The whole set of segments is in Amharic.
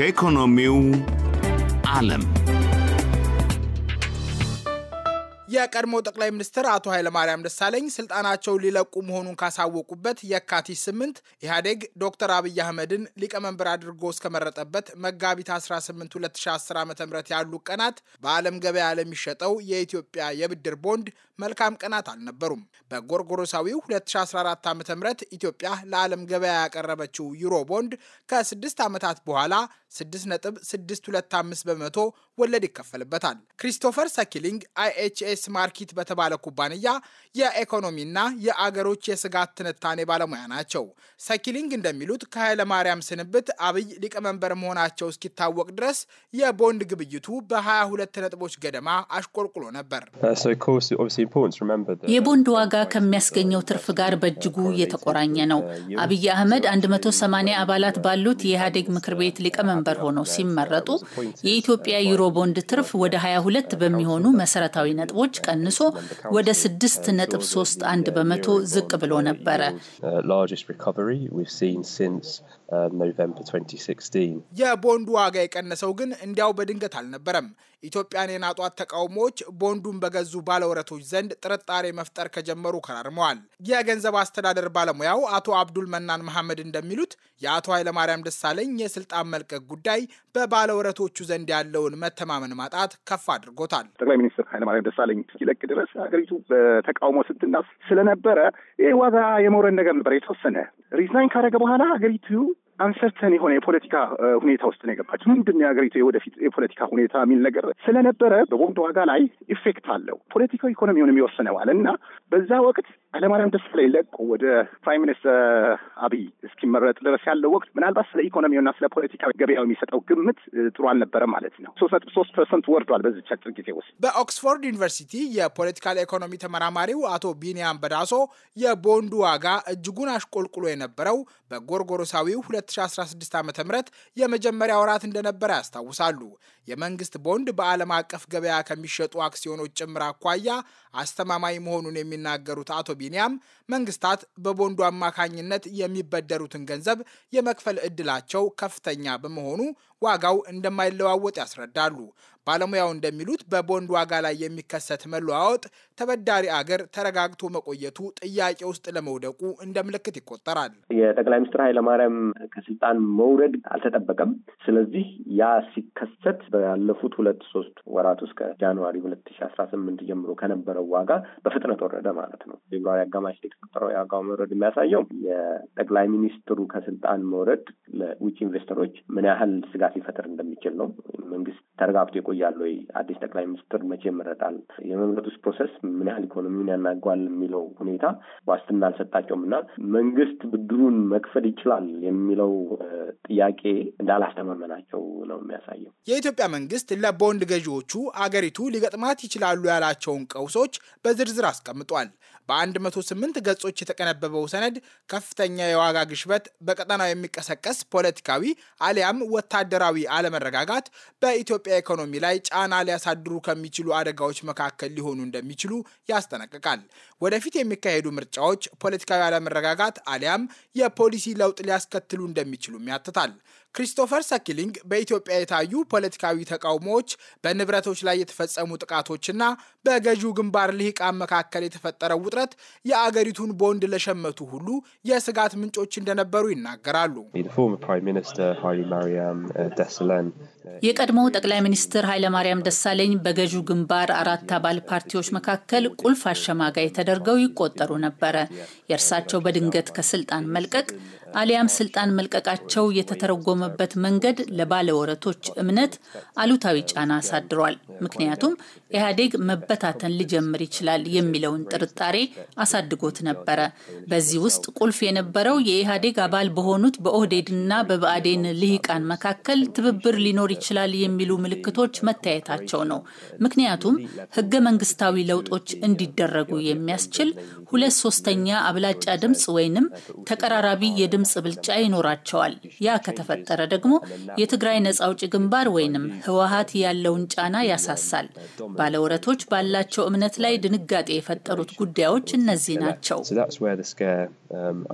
ከኢኮኖሚው ዓለም የቀድሞ ጠቅላይ ሚኒስትር አቶ ኃይለማርያም ደሳለኝ ስልጣናቸው ሊለቁ መሆኑን ካሳወቁበት የካቲት ስምንት ኢህአዴግ ዶክተር አብይ አህመድን ሊቀመንበር አድርጎ እስከመረጠበት መጋቢት 18 2010 ዓ ም ያሉ ቀናት በዓለም ገበያ ለሚሸጠው የኢትዮጵያ የብድር ቦንድ መልካም ቀናት አልነበሩም። በጎርጎሮሳዊው 2014 ዓ ም ኢትዮጵያ ለዓለም ገበያ ያቀረበችው ዩሮ ቦንድ ከስድስት ዓመታት በኋላ 6.625 በመቶ ወለድ ይከፈልበታል። ክሪስቶፈር ሰኪሊንግ አይኤችኤስ ማርኪት በተባለ ኩባንያ የኢኮኖሚና የአገሮች የስጋት ትንታኔ ባለሙያ ናቸው። ሰኪሊንግ እንደሚሉት ከኃይለማርያም ስንብት አብይ ሊቀመንበር መሆናቸው እስኪታወቅ ድረስ የቦንድ ግብይቱ በ22 ነጥቦች ገደማ አሽቆልቁሎ ነበር። uh, የቦንድ ዋጋ ከሚያስገኘው ትርፍ ጋር በእጅጉ የተቆራኘ ነው። አብይ አህመድ 180 አባላት ባሉት የኢህአዴግ ምክር ቤት ሊቀመንበር ሊቀመንበር ሆነው ሲመረጡ የኢትዮጵያ ቦንድ ትርፍ ወደ 22 በሚሆኑ መሰረታዊ ነጥቦች ቀንሶ ወደ 3 6.31 በመቶ ዝቅ ብሎ ነበረ። ኖቬምበር 2016 የቦንዱ ዋጋ የቀነሰው ግን እንዲያው በድንገት አልነበረም። ኢትዮጵያን የናጧት ተቃውሞዎች ቦንዱን በገዙ ባለውረቶች ዘንድ ጥርጣሬ መፍጠር ከጀመሩ ከራርመዋል። የገንዘብ አስተዳደር ባለሙያው አቶ አብዱል መናን መሐመድ እንደሚሉት የአቶ ኃይለማርያም ደሳለኝ የስልጣን መልቀቅ ጉዳይ በባለውረቶቹ ዘንድ ያለውን መተማመን ማጣት ከፍ አድርጎታል። ጠቅላይ ሚኒስትር ኃይለማርያም ደሳለኝ እስኪለቅ ድረስ ሀገሪቱ በተቃውሞ ስትና ስለነበረ ይህ ዋጋ የመውረድ ነገር ነበር። የተወሰነ ሪዛይን ካደረገ በኋላ ሀገሪቱ አንሰርተን የሆነ የፖለቲካ ሁኔታ ውስጥ ነው የገባቸው። ምንድን የሀገሪቱ የወደፊት የፖለቲካ ሁኔታ የሚል ነገር ስለነበረ በቦንድ ዋጋ ላይ ኢፌክት አለው። ፖለቲካዊ ኢኮኖሚውን የሚወስነዋል እና በዛ ወቅት ኃይለማርያም ደሳለኝ ለቆ ወደ ፕራይም ሚኒስትር አብይ እስኪመረጥ ድረስ ያለው ወቅት ምናልባት ስለ ኢኮኖሚውና ስለ ፖለቲካ ገበያው የሚሰጠው ግምት ጥሩ አልነበረም ማለት ነው። ሶስት ነጥብ ሶስት ፐርሰንት ወርዷል በዚች አጭር ጊዜ ውስጥ። በኦክስፎርድ ዩኒቨርሲቲ የፖለቲካል ኢኮኖሚ ተመራማሪው አቶ ቢኒያም በዳሶ የቦንዱ ዋጋ እጅጉን አሽቆልቁሎ የነበረው በጎርጎሮሳዊው ሁለት 2016 ዓ ም የመጀመሪያ ወራት እንደነበረ ያስታውሳሉ። የመንግስት ቦንድ በዓለም አቀፍ ገበያ ከሚሸጡ አክሲዮኖች ጭምር አኳያ አስተማማኝ መሆኑን የሚናገሩት አቶ ቢኒያም መንግስታት በቦንዱ አማካኝነት የሚበደሩትን ገንዘብ የመክፈል እድላቸው ከፍተኛ በመሆኑ ዋጋው እንደማይለዋወጥ ያስረዳሉ። ባለሙያው እንደሚሉት በቦንድ ዋጋ ላይ የሚከሰት መለዋወጥ ተበዳሪ አገር ተረጋግቶ መቆየቱ ጥያቄ ውስጥ ለመውደቁ እንደ ምልክት ይቆጠራል። የጠቅላይ ሚኒስትር ኃይለማርያም ከስልጣን መውረድ አልተጠበቀም። ስለዚህ ያ ሲከሰት ባለፉት ሁለት ሶስት ወራት ውስጥ ከጃንዋሪ ሁለት ሺ አስራ ስምንት ጀምሮ ከነበረው ዋጋ በፍጥነት ወረደ ማለት ነው። ፌብሩዋሪ አጋማሽ የተፈጠረው የዋጋው መውረድ የሚያሳየው የጠቅላይ ሚኒስትሩ ከስልጣን መውረድ ለውጭ ኢንቨስተሮች ምን ያህል ስጋ ሊፈጥር እንደሚችል ነው። መንግስት ተረጋግቶ ይቆያል ወይ? አዲስ ጠቅላይ ሚኒስትር መቼ ይመረጣል? የመምረጡስ ፕሮሰስ ምን ያህል ኢኮኖሚውን ያናጓል የሚለው ሁኔታ ዋስትና አልሰጣቸውም እና መንግስት ብድሩን መክፈል ይችላል የሚለው ጥያቄ እንዳላስተማመናቸው ነው የሚያሳየው። የኢትዮጵያ መንግስት ለቦንድ ገዢዎቹ አገሪቱ ሊገጥማት ይችላሉ ያላቸውን ቀውሶች በዝርዝር አስቀምጧል። በ108 ገጾች የተቀነበበው ሰነድ ከፍተኛ የዋጋ ግሽበት፣ በቀጠናው የሚቀሰቀስ ፖለቲካዊ አሊያም ወታደራዊ አለመረጋጋት በኢትዮጵያ ኢኮኖሚ ላይ ጫና ሊያሳድሩ ከሚችሉ አደጋዎች መካከል ሊሆኑ እንደሚችሉ ያስጠነቅቃል። ወደፊት የሚካሄዱ ምርጫዎች ፖለቲካዊ አለመረጋጋት አሊያም የፖሊሲ ለውጥ ሊያስከትሉ እንደሚችሉም ያትታል። ክሪስቶፈር ሰኪሊንግ በኢትዮጵያ የታዩ ፖለቲካዊ ተቃውሞዎች፣ በንብረቶች ላይ የተፈጸሙ ጥቃቶችና በገዢው ግንባር ልሂቃን መካከል የተፈጠረው ውጥረት የአገሪቱን ቦንድ ለሸመቱ ሁሉ የስጋት ምንጮች እንደነበሩ ይናገራሉ። የቀድሞው ጠቅላይ ሚኒስትር ኃይለማርያም ደሳለኝ በገዢው ግንባር አራት አባል ፓርቲዎች መካከል ቁልፍ አሸማጋይ ተደርገው ይቆጠሩ ነበረ። የእርሳቸው በድንገት ከስልጣን መልቀቅ አሊያም ስልጣን መልቀቃቸው የተተረጎመ የቀረበበት መንገድ ለባለወረቶች እምነት አሉታዊ ጫና አሳድሯል። ምክንያቱም ኢህአዴግ መበታተን ሊጀምር ይችላል የሚለውን ጥርጣሬ አሳድጎት ነበረ። በዚህ ውስጥ ቁልፍ የነበረው የኢህአዴግ አባል በሆኑት በኦህዴድና በብአዴን ልሂቃን መካከል ትብብር ሊኖር ይችላል የሚሉ ምልክቶች መታየታቸው ነው። ምክንያቱም ህገ መንግስታዊ ለውጦች እንዲደረጉ የሚያስችል ሁለት ሶስተኛ አብላጫ ድምፅ ወይንም ተቀራራቢ የድምፅ ብልጫ ይኖራቸዋል። ያ ከተፈጠረ ከተፈጠረ ደግሞ የትግራይ ነጻ አውጪ ግንባር ወይንም ህወሀት ያለውን ጫና ያሳሳል። ባለውረቶች ባላቸው እምነት ላይ ድንጋጤ የፈጠሩት ጉዳዮች እነዚህ ናቸው። um,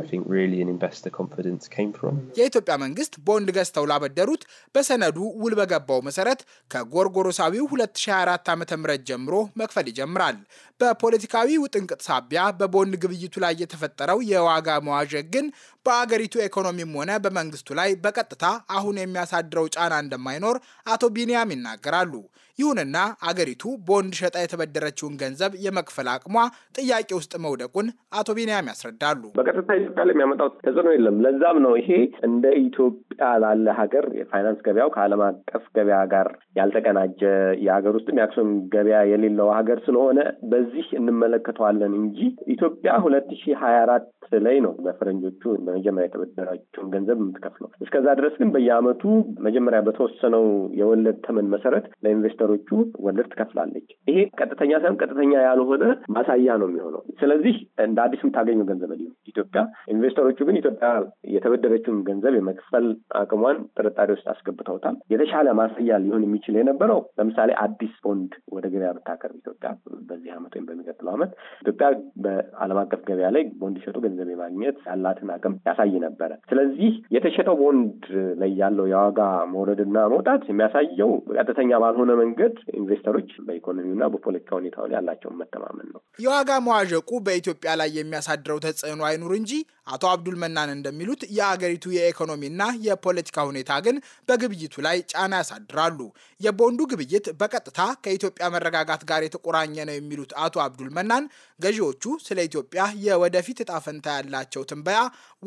የኢትዮጵያ መንግስት ቦንድ ገዝተው ላበደሩት በሰነዱ ውል በገባው መሰረት ከጎርጎሮሳዊው 2024 ዓ ም ጀምሮ መክፈል ይጀምራል። በፖለቲካዊ ውጥንቅጥ ሳቢያ በቦንድ ግብይቱ ላይ የተፈጠረው የዋጋ መዋዠግ ግን በአገሪቱ ኢኮኖሚም ሆነ በመንግስቱ ላይ በቀጥታ ሁኔታ አሁን የሚያሳድረው ጫና እንደማይኖር አቶ ቢንያም ይናገራሉ። ይሁንና አገሪቱ ቦንድ ሸጣ የተበደረችውን ገንዘብ የመክፈል አቅሟ ጥያቄ ውስጥ መውደቁን አቶ ቢንያም ያስረዳሉ። በቀጥታ ኢትዮጵያ ላይ የሚያመጣው ተጽዕኖ የለም። ለዛም ነው ይሄ እንደ ኢትዮጵያ ላለ ሀገር የፋይናንስ ገበያው ከዓለም አቀፍ ገበያ ጋር ያልተቀናጀ የሀገር ውስጥም የአክሲዮን ገበያ የሌለው ሀገር ስለሆነ በዚህ እንመለከተዋለን እንጂ ኢትዮጵያ ሁለት ሺህ ሀያ አራት ላይ ነው በፈረንጆቹ በመጀመሪያ የተበደራቸውን ገንዘብ የምትከፍለው። እስከዛ ድረስ መንግስት ግን በየአመቱ መጀመሪያ በተወሰነው የወለድ ተመን መሰረት ለኢንቨስተሮቹ ወለድ ትከፍላለች። ይሄ ቀጥተኛ ሳይሆን ቀጥተኛ ያልሆነ ማሳያ ነው የሚሆነው። ስለዚህ እንደ አዲስ የምታገኘው ገንዘብ ሊሆን ኢትዮጵያ። ኢንቨስተሮቹ ግን ኢትዮጵያ የተበደረችውን ገንዘብ የመክፈል አቅሟን ጥርጣሬ ውስጥ አስገብተውታል። የተሻለ ማሳያ ሊሆን የሚችል የነበረው ለምሳሌ አዲስ ቦንድ ወደ ገበያ ብታቀርብ ኢትዮጵያ በዚህ ዓመት ወይም በሚቀጥለው ዓመት ኢትዮጵያ በዓለም አቀፍ ገበያ ላይ ቦንድ ሸጡ ገንዘብ የማግኘት ያላትን አቅም ያሳይ ነበረ። ስለዚህ የተሸጠው ቦንድ ላይ ያለው የዋጋ መውረድና መውጣት የሚያሳየው ቀጥተኛ ባልሆነ መንገድ ኢንቨስተሮች በኢኮኖሚውና በፖለቲካ ሁኔታው ላይ ያላቸውን መተማመን ነው። የዋጋ መዋዠቁ በኢትዮጵያ ላይ የሚያሳድረው ተጽዕኖ አይኑ ይኑር እንጂ አቶ አብዱል መናን እንደሚሉት የአገሪቱ የኢኮኖሚና የፖለቲካ ሁኔታ ግን በግብይቱ ላይ ጫና ያሳድራሉ። የቦንዱ ግብይት በቀጥታ ከኢትዮጵያ መረጋጋት ጋር የተቆራኘ ነው የሚሉት አቶ አብዱል መናን ገዢዎቹ ስለ ኢትዮጵያ የወደፊት እጣ ፈንታ ያላቸው ትንበያ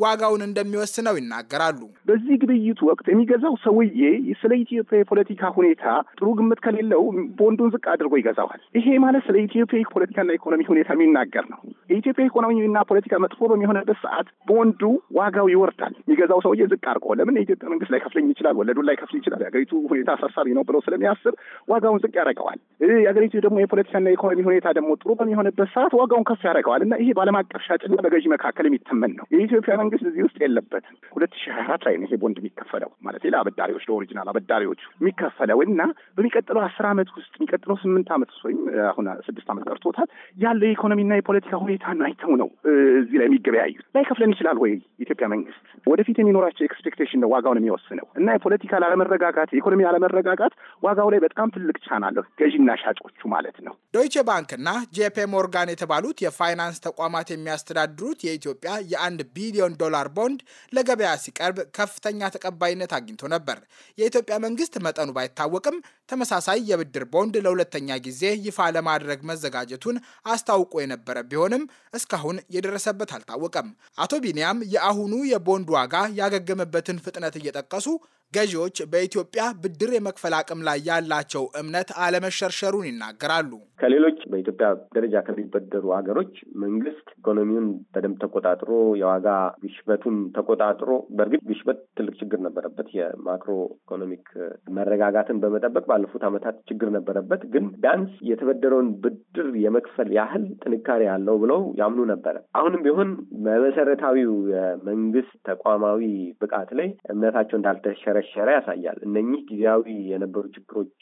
ዋጋውን እንደሚወስነው ይናገራሉ። በዚህ ግብይቱ ወቅት የሚገዛው ሰውዬ ስለ ኢትዮጵያ የፖለቲካ ሁኔታ ጥሩ ግምት ከሌለው ቦንዱን ዝቅ አድርጎ ይገዛዋል። ይሄ ማለት ስለ ኢትዮጵያ የፖለቲካና ኢኮኖሚ ሁኔታ የሚናገር ነው። የኢትዮጵያ ኢኮኖሚና ፖለቲካ መጥፎ በሚሆንበት ሰዓት ቦንዱ ዋጋው ይወርዳል። የሚገዛው ሰውዬ ዝቅ አድርጎ ለምን የኢትዮጵያ መንግስት ላይ ከፍለኝ ይችላል፣ ወለዱን ላይ ከፍል ይችላል፣ የሀገሪቱ ሁኔታ አሳሳቢ ነው ብሎ ስለሚያስብ ዋጋውን ዝቅ ያደርገዋል። የሀገሪቱ ደግሞ የፖለቲካና የኢኮኖሚ ሁኔታ ደግሞ ጥሩ በሚሆንበት ሰዓት ዋጋውን ከፍ ያደርገዋል እና ይሄ በዓለም አቀፍ ሻጭና በገዢ መካከል የሚተመን ነው። የኢትዮጵያ መንግስት እዚህ ውስጥ የለበትም። ሁለት ሺህ ሀያ አራት ላይ ነው ይሄ ቦንድ የሚከፈለው ማለት ለአበዳሪዎች ለኦሪጂናል አበዳሪዎቹ የሚከፈለው እና በሚቀጥለው አስር አመት ውስጥ የሚቀጥለው ስምንት ዓመት ወይም አሁን ስድስት አመት ቀርቶታል ያለው የኢኮኖሚና የፖለቲካ ሁኔታ ሁኔታና አይተው ነው እዚህ ላይ የሚገበያዩት። ላይከፍለን ይችላል ወይ ኢትዮጵያ መንግስት? ወደፊት የሚኖራቸው ኤክስፔክቴሽን ነው ዋጋውን የሚወስነው እና የፖለቲካ አለመረጋጋት፣ የኢኮኖሚ አለመረጋጋት ዋጋው ላይ በጣም ትልቅ ቻና አለው፣ ገዢና ሻጮቹ ማለት ነው። ዶይቼ ባንክና ጄፔ ሞርጋን የተባሉት የፋይናንስ ተቋማት የሚያስተዳድሩት የኢትዮጵያ የአንድ ቢሊዮን ዶላር ቦንድ ለገበያ ሲቀርብ ከፍተኛ ተቀባይነት አግኝቶ ነበር። የኢትዮጵያ መንግስት መጠኑ ባይታወቅም ተመሳሳይ የብድር ቦንድ ለሁለተኛ ጊዜ ይፋ ለማድረግ መዘጋጀቱን አስታውቆ የነበረ ቢሆንም እስካሁን የደረሰበት አልታወቀም። አቶ ቢንያም የአሁኑ የቦንድ ዋጋ ያገገመበትን ፍጥነት እየጠቀሱ ገዢዎች በኢትዮጵያ ብድር የመክፈል አቅም ላይ ያላቸው እምነት አለመሸርሸሩን ይናገራሉ። ከሌሎች በኢትዮጵያ ደረጃ ከሚበደሩ ሀገሮች መንግስት ኢኮኖሚውን በደንብ ተቆጣጥሮ የዋጋ ግሽበቱን ተቆጣጥሮ፣ በእርግጥ ግሽበት ትልቅ ችግር ነበረበት። የማክሮ ኢኮኖሚክ መረጋጋትን በመጠበቅ ባለፉት ዓመታት ችግር ነበረበት። ግን ቢያንስ የተበደረውን ብድር የመክፈል ያህል ጥንካሬ አለው ብሎ ብለው ያምኑ ነበረ። አሁንም ቢሆን በመሰረታዊው የመንግስት ተቋማዊ ብቃት ላይ እምነታቸው እንዳልተሸረሸረ ያሳያል። እነኚህ ጊዜያዊ የነበሩ ችግሮች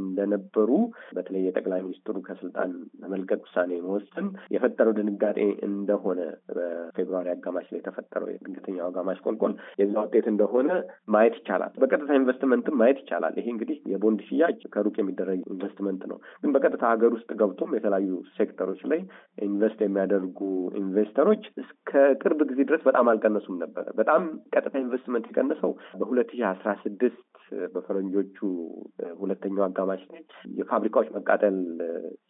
እንደነበሩ በተለይ የጠቅላይ ሚኒስትሩ ከስልጣን መልቀቅ ውሳኔ መወሰን የፈጠረው ድንጋጤ እንደሆነ በፌብሩዋሪ አጋማሽ ላይ የተፈጠረው የድንገተኛው አጋማሽ ቆልቆል የዛ ውጤት እንደሆነ ማየት ይቻላል። በቀጥታ ኢንቨስትመንትም ማየት ይቻላል። ይሄ እንግዲህ የቦንድ ሽያጭ ከሩቅ የሚደረግ ኢንቨስትመንት ነው። ግን በቀጥታ ሀገር ውስጥ ገብቶም የተለያዩ ሴክተሮች ላይ ኢንቨስት የሚያደርጉ ኢንቨስተሮች እስከ ቅርብ ጊዜ ድረስ በጣም አልቀነሱም ነበረ። በጣም ቀጥታ ኢንቨስትመንት የቀነሰው በሁለት ሺህ አስራ ስድስት በፈረንጆቹ ሁለተኛው አጋማሽ ላይ የፋብሪካዎች መቃጠል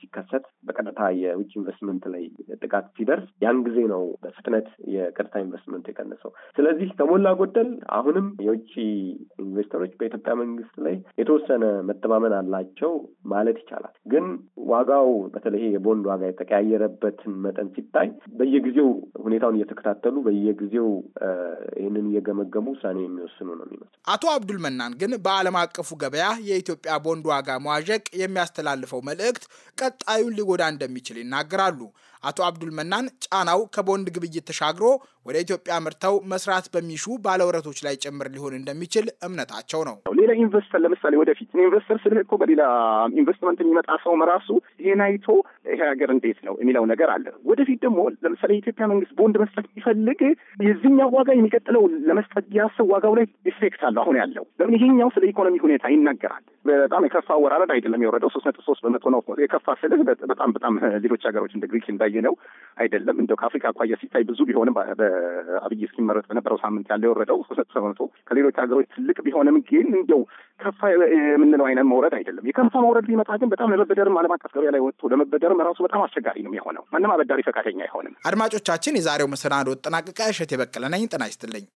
ሲከሰት በቀጥታ የውጭ ኢንቨስትመንት ላይ ጥቃት ሲደርስ ያን ጊዜ ነው በፍጥነት የቀጥታ ኢንቨስትመንት የቀነሰው። ስለዚህ ከሞላ ጎደል አሁንም የውጭ ኢንቨስተሮች በኢትዮጵያ መንግስት ላይ የተወሰነ መተማመን አላቸው ማለት ይቻላል። ግን ዋጋው በተለይ የቦንድ ዋጋ የተቀያየረበትን መጠን ሲታይ በየጊዜው ሁኔታውን እየተከታተሉ በየጊዜው ይህንን እየገመገሙ ውሳኔ የሚወስኑ ነው የሚመስለው አቶ አብዱል መናን ግን በዓለም አቀፉ ገበያ የኢትዮጵያ ቦንድ ዋጋ መዋዠቅ የሚያስተላልፈው መልእክት ቀጣዩን ሊጎዳ እንደሚችል ይናገራሉ። አቶ አብዱል መናን ጫናው ከቦንድ ግብይት ተሻግሮ ወደ ኢትዮጵያ ምርተው መስራት በሚሹ ባለውረቶች ላይ ጭምር ሊሆን እንደሚችል እምነታቸው ነው። ሌላ ኢንቨስተር ለምሳሌ ወደፊት ኢንቨስተር ስልህ እኮ በሌላ ኢንቨስትመንት የሚመጣ ሰውም ራሱ ይሄን አይቶ ይሄ ሀገር እንዴት ነው የሚለው ነገር አለ። ወደፊት ደግሞ ለምሳሌ የኢትዮጵያ መንግስት ቦንድ መስጠት ቢፈልግ የዚህኛው ዋጋ የሚቀጥለው ለመስጠት ቢያስብ ዋጋው ላይ ኢፌክት አለው አሁን ያለው። ለምን ይሄኛው ስለ ኢኮኖሚ ሁኔታ ይናገራል። በጣም የከፋ ወራረድ አይደለም የወረደው ሶስት ነጥብ ሶስት በመቶ ነው የከፋ ስልህ በጣም በጣም ሌሎች ሀገሮች እንደ ግሪክ እንዳየ ነው አይደለም እንደው ከአፍሪካ አኳያ ሲታይ ብዙ ቢሆንም በአብይ እስኪመረጥ በነበረው ሳምንት ያለ የወረደው ሶስት ነጥብ በመቶ ከሌሎች ሀገሮች ትልቅ ቢሆንም ግን እንደው ከፋ የምንለው አይነት መውረድ አይደለም። የከፋ መውረድ ቢመጣ ግን በጣም ለመበደርም አለም አቀፍ ገበያ ላይ ወጥቶ ለመበደርም ራሱ በጣም አስቸጋሪ ነው የሆነው። ማንም አበዳሪ ፈቃደኛ አይሆንም። አድማጮቻችን፣ የዛሬው መሰናዶ ተጠናቀቀ። እሸት የበቀለ ነኝ። ጤና ይስጥልኝ።